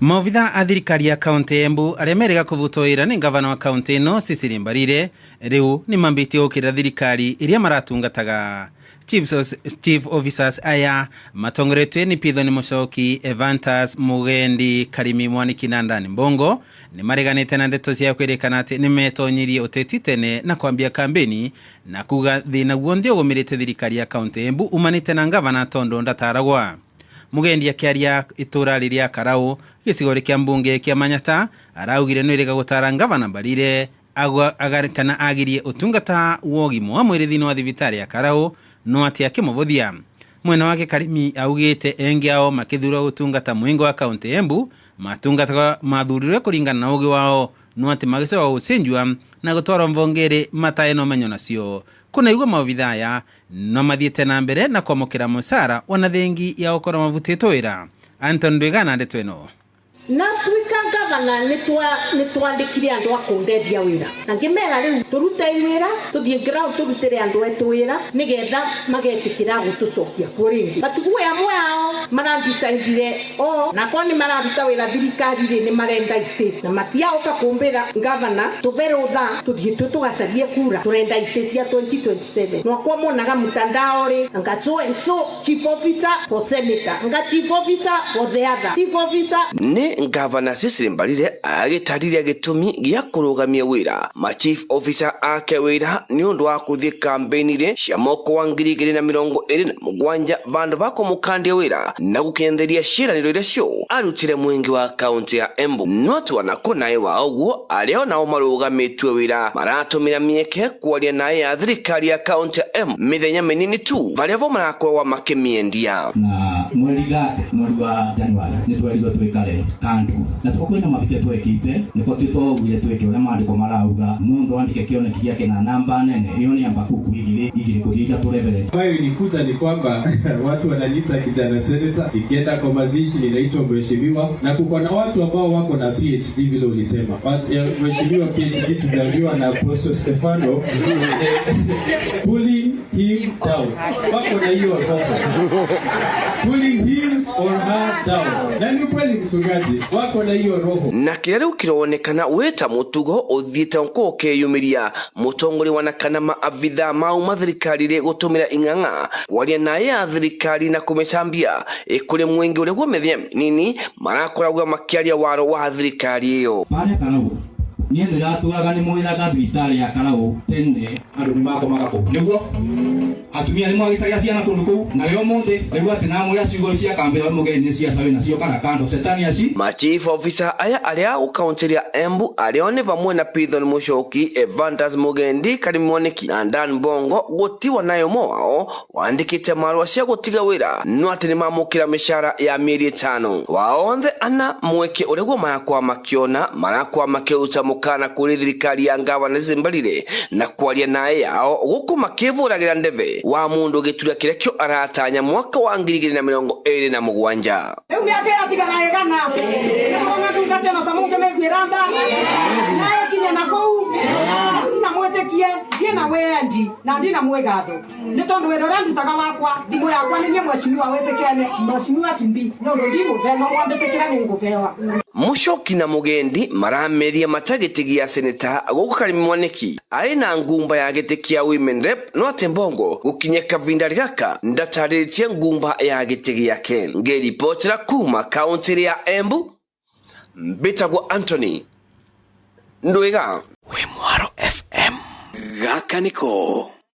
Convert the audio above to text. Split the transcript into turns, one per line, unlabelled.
Maovitha a thirikari ya kaunti ya Embu arĩa merĩga kũvutwo nĩ ngavana wa kaunti ĩno Cecily Mbarire ni mambiti mambĩtie gũkĩra thirikari iria maratungataga Chiefs, chief officers aya matongoretwe ni ni Muchoki, Evantas Mugendi, Karimi Mwaniki na ni Mbongo ni mareganite na ndeto cia kwirikana ati ni meto metonyirie oteti tene na kuambia kambeni na kuga thina guo ndio ugumirite thirikari ya kaunti Embu umani tena ngavana Tondo Ndataragwa mugendi akiaria itura liria karau gicigo kia mbunge kia manyata araugire nwirega gutara ngavana mbarire kana agirie utungata wa ũgima wa mwĩrĩ thĩinĩ wa thibitarĩ ya karau no atĩ akĩmũbũthia mwena wake karimi augĩte engi ao makĩthura ũtungata mũingo wa kaũntĩ ya embu matungatagwo mathurirwe kũringana na ũgĩ wao no atĩ magä wa na gũtwarwo twarwo mataĩ na å menyo nacio kå naigua maobitha no mathiĩte na mbere na kwamå kä ona thengi ya gũkorwo korwo wĩra anton ndwä gana ndetw ä no
na tuika ngavana nĩtwandĩkire andũ a kũndendia wĩra na ngĩmera rĩu tũrute wĩra tũthiĩ ground tũrutĩre andũ aitũ wĩra nĩgetha magetĩkĩra gũtũcokia kuo rĩngĩ matigua amwe ao marandicaidire o nakorwo nĩ mararuta wĩra thirikari-rĩ nĩ marenda itĩ na matiaũka kũmbĩra ngavana tũverwo thaa tũthiĩ tu tũgacarie kura tũrenda itĩ cia 2027 mwakwa monaga mtandao-rĩ anga so and so chief officer for senator anga chief officer for the other chief officer ngavana sirimbarire agitarire gitumi gia kurugamia wira ma chief officer ake wira ni undu wa kuthie kampenire cia moko wa ngiri igiri na mirongo iri na mugwanja vandu va kumukandia wira na gukentheria ciiraniro iria cio arutire mwingi wa kaunti ya embu no twanakå naä wa åguo arä a onao marå wira maratå mä mieke kwaria nae ya thirikari ya kaunti ya embu mithenya minini tu varia vo marakoragwa makä miendia
na mweri gate mweri wa januari nä twarirwo twä kare kandu na tuko kwina mabitia twekite niko twitwogire twike uria maandiko marauga mundu andike kioneki giake na namba nene hiyo ni ambakuku igiri igiri kuthia ithatu reverend
ambayo ilikuta ni kwamba watu wananiita kijana seneta ikienda kwa mazishi ninaitwa mheshimiwa na kuko na watu ambao wako na phd vile ulisema eh, mheshimiwa phd tunaambiwa na apostle stefano pulling him down wako na hiyo watoto pulling him or her down na ni kweli mchungaji wako na hiyo roho
na kä rä u kä ronekana wä ta må tugo å thiä te kå kä yå ria må tongori wa mau mathirikari rä gå tå mä ra ing'ang'a kwaria naä ya thirikari na kå mä cambia ä kå rä å mä thenya nini marakoragwo makä aria waro wa thirikari ä yo
niä ndä ratåraga nä mwä raga thibitarä ya karaå tene andå nä makomaga kå u nä guo atumia nä mwagicagia ciana kå ndå kå u nawe å må thä waigua atä namå rä a ciugo cia kambä ra må geni nä ciacawe nacio kana kando setani aci
machief officer aya arä a gå kauntä ria embu arä o nä vamwe na pithon må coki evantas må gendi karimi mwaniki na dan bongo gå tiwa nayo mo wao wandä kä te marua cia gå tiga wä ra no atä nä mamå kä ra mä cara ya mä eri ä tano waonthe ana mweke å rä guo marakwa makä ona marakwa makä uta må gukana kuri thirikari ya na zimbarire na kwaria nae yao guku makivuragira ndeve wa mundu gituria kiria kio aratanya mwaka wa ngiri igiri na mirongo iri na mugwanja
riu na niä na wendi na ndi na mwä gatho nä tondå wä ra å rä a ndutaga wakwa thimå yakwa nä nie mwecimiwa wä cä kene mwecimiwa tumbi no ndå ndimå be no mwambä tä kä ra nä ngå bewa
mucoki na mugendi marameria matagiti gia seneta gukari mwaniki ari na ngumba ya giti kia women rep no ati mbongo gukinye kavinda rigaka ndataritie ngumba ya giti giake ngiripotera kuma kaunti ya embu mbita kwa anthony ndwiga
ko.